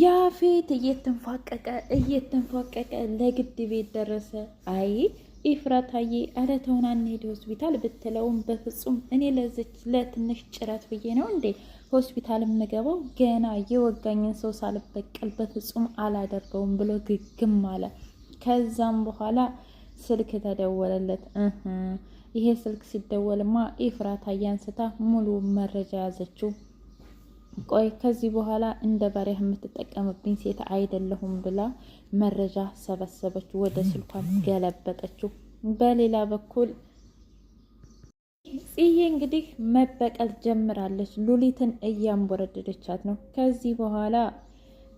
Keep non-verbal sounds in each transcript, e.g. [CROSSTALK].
ያፌት እየተንፏቀቀ እየተንፏቀቀ ለግድ ቤት ደረሰ። አይ ኢፍራታዬ ኧረ ተውና አንሄድ ሆስፒታል ብትለውም በፍጹም እኔ ለዚች ለትንሽ ጭረት ብዬ ነው እንዴ ሆስፒታል የምገባው? ገና የወጋኝን ሰው ሳልበቀል በፍጹም አላደርገውም ብሎ ግግም አለ። ከዛም በኋላ ስልክ ተደወለለት። ይሄ ስልክ ሲደወልማ ኢፍራታዬ አንስታ ሙሉ መረጃ ያዘችው። ቆይ ከዚህ በኋላ እንደ ባሪያ የምትጠቀምብኝ ሴት አይደለሁም ብላ መረጃ ሰበሰበች፣ ወደ ስልኳን ገለበጠችው። በሌላ በኩል ጽዬ እንግዲህ መበቀል ጀምራለች። ሉሊትን እያንቦረደደቻት ነው። ከዚህ በኋላ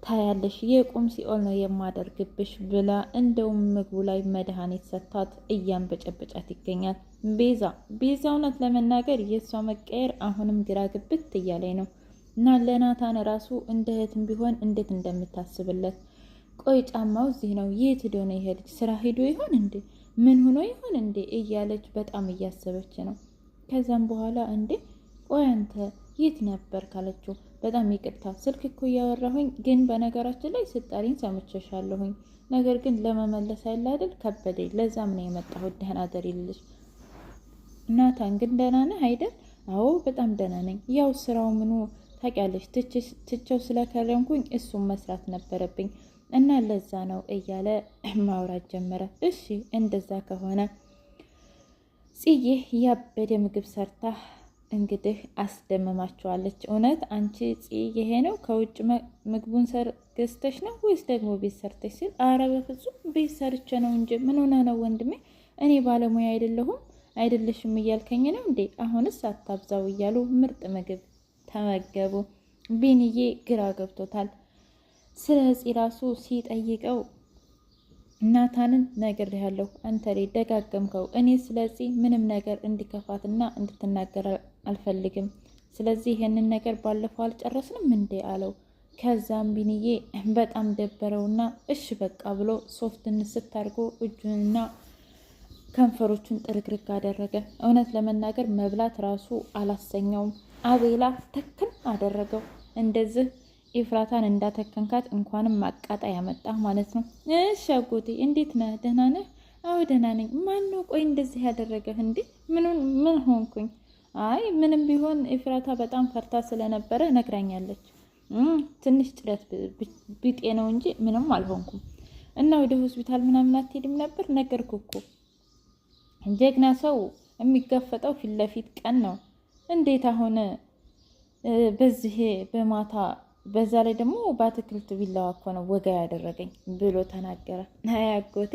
ታያለሽ የቁም ሲኦል ነው የማደርግብሽ ብላ እንደውም ምግቡ ላይ መድኃኒት ሰጥታት እያንበጨበጫት ይገኛል። ቤዛ ቤዛ እውነት ለመናገር የእሷ መቀየር አሁንም ግራ ግብት እያለኝ ነው እና ለናታን ራሱ እንደ እህትም ቢሆን እንዴት እንደምታስብለት ቆይ ጫማው እዚህ ነው የት ሄዶ ነው ይሄ ልጅ ስራ ሂዶ ይሆን እንዴ ምን ሆኖ ይሆን እንዴ እያለች በጣም እያሰበች ነው ከዛም በኋላ እንዴ ቆይ አንተ የት ነበር ካለችው በጣም ይቅርታ ስልክ እኮ እያወራሁኝ ግን በነገራችን ላይ ስጠሪኝ ሰምቼሻለሁኝ ነገር ግን ለመመለስ አይላደል ከበደኝ ለዛም ነው የመጣሁት ደህና ደር ይልልሽ። ናታን ግን ደህና ነህ አይደል አዎ በጣም ደህና ነኝ ያው ስራው ምኑ ታውቂያለሽ፣ ትቸው ስለከረምኩኝ እሱም መስራት ነበረብኝ እና ለዛ ነው እያለ [CLEARS THROAT] ማውራት ጀመረ። እሺ እንደዛ ከሆነ ጽዬ ያበደ ምግብ ሰርታ እንግዲህ አስደምማችኋለች። እውነት አንቺ ጽዬ ይሄ ነው ከውጭ ምግቡን ገዝተሽ ነው ወይስ ደግሞ ቤት ሰርተሽ? ሲል አረ በፍጹም ቤት ሰርቼ ነው እንጂ ምን ሆነ ነው ወንድሜ፣ እኔ ባለሙያ አይደለሁም አይደለሽም እያልከኝ ነው እንዴ? አሁንስ አታብዛው እያሉ ምርጥ ምግብ ተመገቡ። ቢንዬ ግራ ገብቶታል። ስለ ህፂ ራሱ ሲጠይቀው ናታንን ነግሬሃለሁ፣ አንተ ላይ ደጋገምከው። እኔ ስለዚህ ምንም ነገር እንዲከፋትና እንድትናገር አልፈልግም። ስለዚህ ይህንን ነገር ባለፈው አልጨረስንም እንዴ አለው። ከዛም ቢንዬ በጣም ደበረውና እሽ በቃ ብሎ ሶፍትን ስታርጎ እጁንና ከንፈሮቹን ጥርግርግ አደረገ። እውነት ለመናገር መብላት ራሱ አላሰኘውም። አቤላ ተክን አደረገው። እንደዚህ ኤፍራታን እንዳተከንካት እንኳንም ማቃጣ ያመጣ ማለት ነው። እሺ አጎቴ እንዴት ነህ? ደህና ነህ? አዎ ደህና ነኝ። ነው ቆይ እንደዚህ ያደረገህ እንዴ? ምን ሆንኩኝ? አይ ምንም ቢሆን ኤፍራታ በጣም ፈርታ ስለነበረ ነግራኛለች። ትንሽ ጭረት ቢጤ ነው እንጂ ምንም አልሆንኩም። እና ወደ ሆስፒታል ምናምን አትሄድም ነበር? ነገርኩ እኮ ጀግና ሰው የሚጋፈጠው ፊት ለፊት ቀን ነው እንዴት አሁን በዚህ በማታ በዛ ላይ ደግሞ በአትክልት ቢላዋ እኮ ነው ወጋ ያደረገኝ ብሎ ተናገረ። አያጎቴ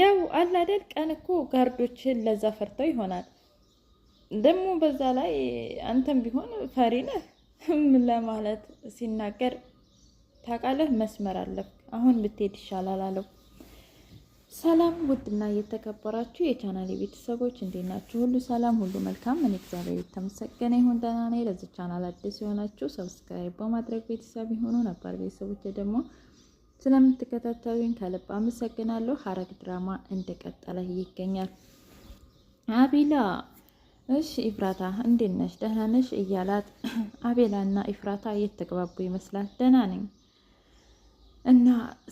ያው አላደል ቀን እኮ ጋርዶችን ለዛ ፈርተው ይሆናል። ደግሞ በዛ ላይ አንተም ቢሆን ፈሪ ነህ ለማለት ሲናገር ታውቃለህ፣ መስመር አለ አሁን ብትሄድ ይሻላል አለው። ሰላም ውድና እየተከበራችሁ የቻናሌ ቤተሰቦች እንዴት ናችሁ? ሁሉ ሰላም፣ ሁሉ መልካም። እኔ እግዚአብሔር የተመሰገነ ይሁን ደህና ነኝ። ለዚህ ቻናል አዲስ የሆናችሁ ሰብስክራይብ በማድረግ ቤተሰብ የሆኑ ነባር ቤተሰቦች ደግሞ ስለምትከታተሉኝ ከልብ አመሰግናለሁ። ሐረግ ድራማ እንደቀጠለ ይገኛል። አቤላ እሺ ኢፍራታ እንዴት ነሽ? ደህና ነሽ? እያላት አቤላና ኢፍራታ እየተግባቡ ይመስላል። ደህና ነኝ እና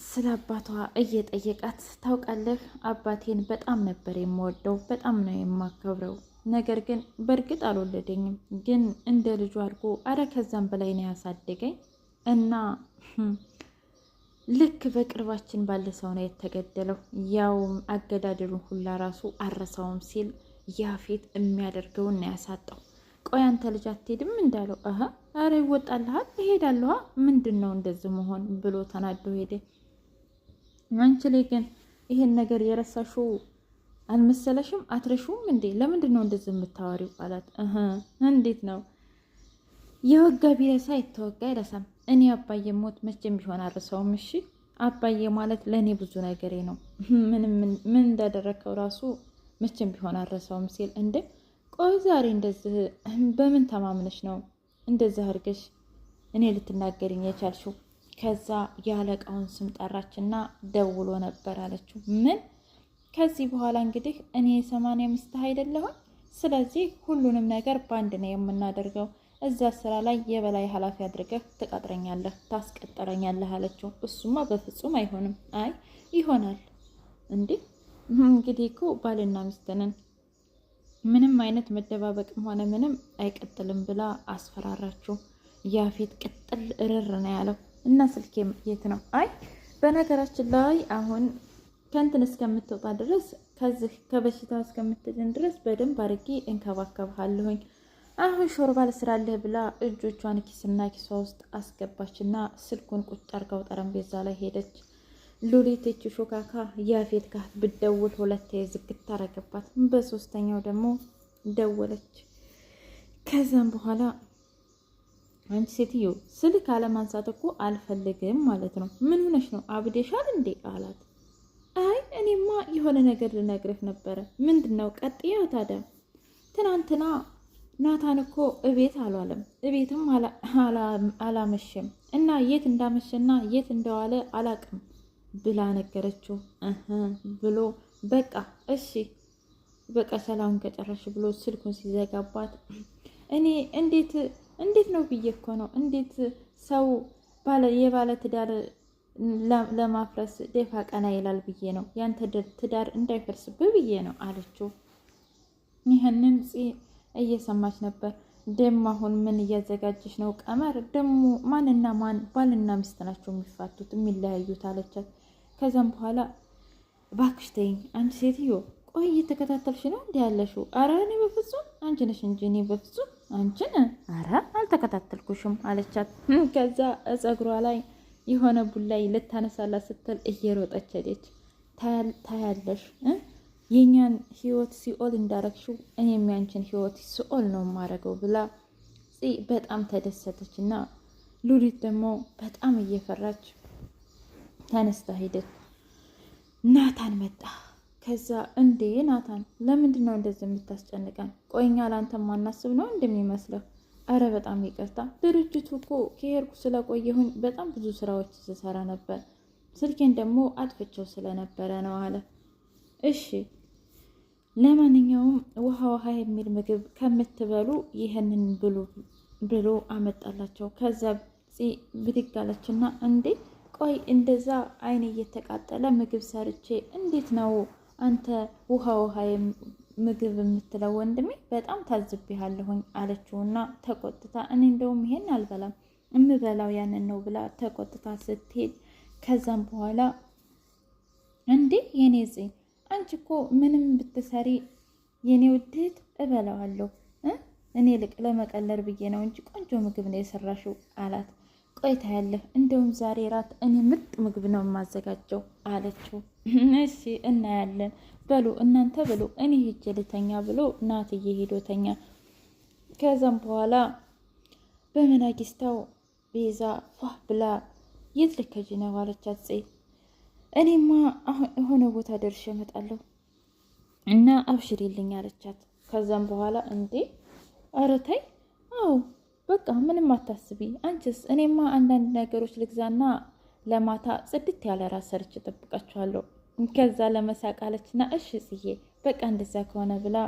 ስለ አባቷ እየጠየቃት ታውቃለህ፣ አባቴን በጣም ነበር የምወደው፣ በጣም ነው የማከብረው። ነገር ግን በእርግጥ አልወለደኝም፣ ግን እንደ ልጁ አድርጎ አረ ከዛም በላይ ነው ያሳደገኝ እና hm፣ ልክ በቅርባችን ባለ ሰው ነው የተገደለው፣ ያውም አገዳደሉን ሁላ ራሱ አረሰውም ሲል ያፌት የሚያደርገውን ነው ያሳጣው። ቆይ አንተ ልጅ አትሄድም እንዳለው እ አረ ይወጣልሃል እሄዳለሁ ምንድን ነው እንደዚህ መሆን ብሎ ተናዶ ሄደ። አንቺ ላይ ግን ይሄን ነገር የረሳሽው አልመሰለሽም? አትረሹም እንዴ? ለምንድን ነው እንደዚህ የምታወሪው አላት። እንዴት ነው የወጋ ቢረሳ የተወጋ አይረሳም። እኔ አባዬ ሞት መቼም ቢሆን አልረሳውም። እሺ አባዬ ማለት ለእኔ ብዙ ነገሬ ነው። [LAUGHS] ምን እንዳደረከው ራሱ መቼም ቢሆን አልረሳውም ሲል እንዴ ቆይ ዛሬ እንደዚህ በምን ተማምነሽ ነው እንደዚህ አድርገሽ እኔ ልትናገርኝ የቻልሽው? ከዛ የአለቃውን ስም ጠራችና ደውሎ ነበር አለችው። ምን ከዚህ በኋላ እንግዲህ እኔ የሰማንያ ሚስት አይደለሁም። ስለዚህ ሁሉንም ነገር በአንድ ነው የምናደርገው። እዛ ስራ ላይ የበላይ ኃላፊ አድርገህ ትቀጥረኛለህ፣ ታስቀጠረኛለህ አለችው። እሱማ በፍጹም አይሆንም። አይ ይሆናል እንዴ እንግዲህ እኮ ባልና ሚስትንን ምንም አይነት መደባበቅም ሆነ ምንም አይቀጥልም ብላ አስፈራራችሁ። ያፌት ቅጥል እርር ነው ያለው እና ስልኬ የት ነው? አይ በነገራችን ላይ አሁን ከእንትን እስከምትወጣ ድረስ ከዚህ ከበሽታ እስከምትድን ድረስ በደንብ አድርጌ እንከባከብሃለሁኝ። አሁን ሾርባ ልስራልህ ብላ እጆቿን ኪስና ኪሷ ውስጥ አስገባችና ስልኩን ቁጭ አርጋው ጠረጴዛ ላይ ሄደች። ሉሊትች ሾካካ ያፌት ጋር ብደውል ሁለት ዝግት ታረገባት። በሶስተኛው ደግሞ ደወለች። ከዛም በኋላ አንቺ ሴትዮ ስልክ አለማንሳት እኮ አልፈልግም ማለት ነው። ምን ሆነሽ ነው አብዴሻል እንዴ አላት። አይ እኔማ የሆነ ነገር ልነግርህ ነበረ። ምንድን ነው? ቀጥያ ታዲያ። ትናንትና ናታን እኮ እቤት አልዋለም፣ እቤትም አላመሸም እና የት እንዳመሸና የት እንደዋለ አላቅም ብላ ነገረችው። ብሎ በቃ እሺ በቃ ሰላሙን ከጨረሽ ብሎ ስልኩን ሲዘጋባት እኔ እንዴት እንዴት ነው ብዬ እኮ ነው እንዴት ሰው የባለ ትዳር ለማፍረስ ደፋ ቀና ይላል ብዬ ነው ያንተ ትዳር እንዳይፈርስብ ብዬ ነው አለችው። ይህንን ፂ እየሰማች ነበር። ደም አሁን ምን እያዘጋጀች ነው? ቀመር ደግሞ ማንና ማን ባልና ሚስት ናቸው የሚፋቱት የሚለያዩት አለቻት። ከዛም በኋላ እባክሽ ተይኝ አንቺ ሴትዮ ቆይ እየተከታተልሽ ነው እንዲህ ያለሽው? አረ እኔ በፍጹም አንቺ ነሽ እንጂ እኔ በፍጹም አንቺን አረ አልተከታተልኩሽም አለቻት። [LAUGHS] ከዛ ፀጉሯ ላይ የሆነ ቡላይ ልታነሳላት ስትል እየሮጠች ሄደች። ታያለሽ የእኛን ህይወት ሲኦል እንዳረግሽው እኔም ያንቺን ህይወት ሲኦል ነው የማረገው ብላ በጣም ተደሰተች እና ሉሊት ደግሞ በጣም እየፈራች ተነስታ ሄደች። ናታን መጣ። ከዛ እንዴ ናታን፣ ለምንድን ነው እንደዚህ የምታስጨንቀን? ቆይኛ ለአንተ ማናስብ ነው እንደሚመስለው? አረ በጣም ይቅርታ፣ ድርጅቱ እኮ ከሄድኩ ስለቆየሁኝ በጣም ብዙ ስራዎች ስሰራ ነበር። ስልኬን ደግሞ አጥፍቼው ስለነበረ ነው አለ። እሺ ለማንኛውም ውሃ ውሃ የሚል ምግብ ከምትበሉ ይህንን ብሉ ብሎ አመጣላቸው። ከዛ ብድግ አለችና እንዴ ቆይ እንደዛ አይን እየተቃጠለ ምግብ ሰርቼ እንዴት ነው አንተ ውሃ ውሃ ምግብ የምትለው ወንድሜ? በጣም ያለሁኝ አለችውና ተቆጥታ እኔ እንደውም ይሄን አልበላም እምበላው ያንን ነው ብላ ተቆጥታ ስትሄድ ከዛም በኋላ እንዴ የኔ ዜ አንቺ እኮ ምንም ብትሰሪ የኔ ውድት እበላዋለሁ እኔ ልቅ ለመቀለር ብዬ ነው እንጂ ቆንጆ ምግብ ነው የሰራሽው አላት። ቆይታ ያለህ እንደውም ዛሬ ራት እኔ ምርጥ ምግብ ነው የማዘጋጀው አለችው። እሺ እናያለን፣ በሉ እናንተ ብሉ፣ እኔ ሂጅ ልተኛ ብሎ ናትዬ ሄዶ ተኛ። ከዛም በኋላ በመናጊስታው ቤዛ ፋህ ብላ የት ልከጅ ነው አለቻት ጽ እኔማ የሆነ ቦታ ደርሼ እመጣለሁ እና አብሽሪልኝ አለቻት። ከዛም በኋላ እንዴ ኧረ ተይ አዎ በቃ ምንም አታስቢ። አንቺስ? እኔማ አንዳንድ ነገሮች ልግዛና ለማታ ጽድት ያለ ራስ ሰርች ጠብቃችኋለሁ። ከዛ ለመሳቅ አለችና እሺ ጽዬ በቃ እንደዛ ከሆነ ብላ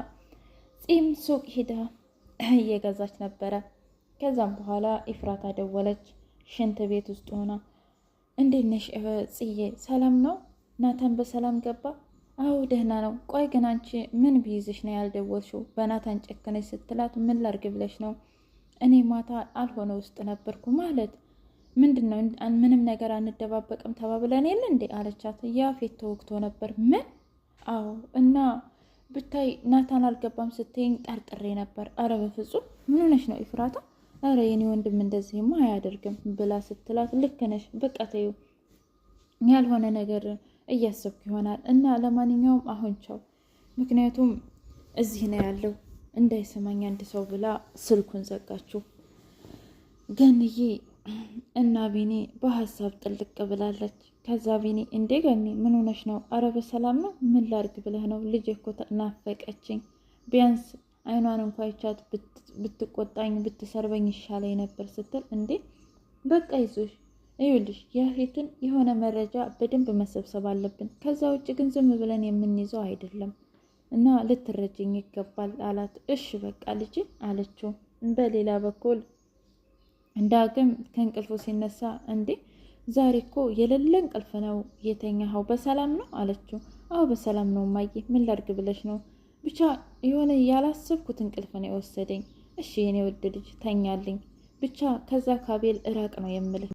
ጺም ሱቅ ሂዳ [CLEARS THROAT] እየገዛች ነበረ። ከዛም በኋላ ኢፍራታ ደወለች። ሽንት ቤት ውስጥ ሆና እንዴት ነሽ ጽዬ? ሰላም ነው? ናታን በሰላም ገባ? አዎ ደህና ነው። ቆይ ግን አንቺ ምን ቢይዝሽ ነው ያልደወልሽው? በናታን ጨክነች ስትላት ምን ላርግ ብለሽ ነው እኔ ማታ አልሆነ ውስጥ ነበርኩ ማለት ምንድን ነው? ምንም ነገር አንደባበቅም ተባብለን የለ እንዴ አለቻት። ያፌት ተወግቶ ነበር። ምን? አዎ። እና ብታይ ናታን አልገባም ስትይኝ ጠርጥሬ ነበር። አረ በፍጹም ምን ሆነሽ ነው ኢፍራታ? አረ የኔ ወንድም እንደዚህማ አያደርግም ብላ ስትላት፣ ልክ ነሽ፣ በቃ ተይው፣ ያልሆነ ነገር እያሰብኩ ይሆናል። እና ለማንኛውም አሁን ቻው፣ ምክንያቱም እዚህ ነው ያለው እንዳይሰማኝ አንድ ሰው ብላ ስልኩን ዘጋችው። ገንዬ እና ቢኒ በሀሳብ ጥልቅ ብላለች። ከዛ ቢኒ እንዴ ገኒ ምን ሆነሽ ነው? አረ በሰላም ነው። ምን ላርግ ብለህ ነው? ልጅ እኮ ናፈቀችኝ። ቢያንስ አይኗን እንኳ ይቻት ብትቆጣኝ ብትሰርበኝ ይሻለኝ ነበር ስትል እንዴ በቃ ይዞሽ ይኸውልሽ የፊትን የሆነ መረጃ በደንብ መሰብሰብ አለብን። ከዛ ውጭ ግን ዝም ብለን የምንይዘው አይደለም። እና ልትረጅኝ ይገባል አላት። እሺ በቃ ልጅ አለችው። በሌላ በኩል እንዳግም ከእንቅልፉ ሲነሳ እንዴ ዛሬ እኮ የሌለ እንቅልፍ ነው የተኛኸው፣ በሰላም ነው አለችው። አዎ በሰላም ነው እማዬ፣ ምን ላድርግ ብለሽ ነው? ብቻ የሆነ ያላሰብኩት እንቅልፍ ነው የወሰደኝ። እሺ የኔ ውድ ልጅ ተኛልኝ፣ ብቻ ከዛ ካቤል እራቅ ነው የምልህ።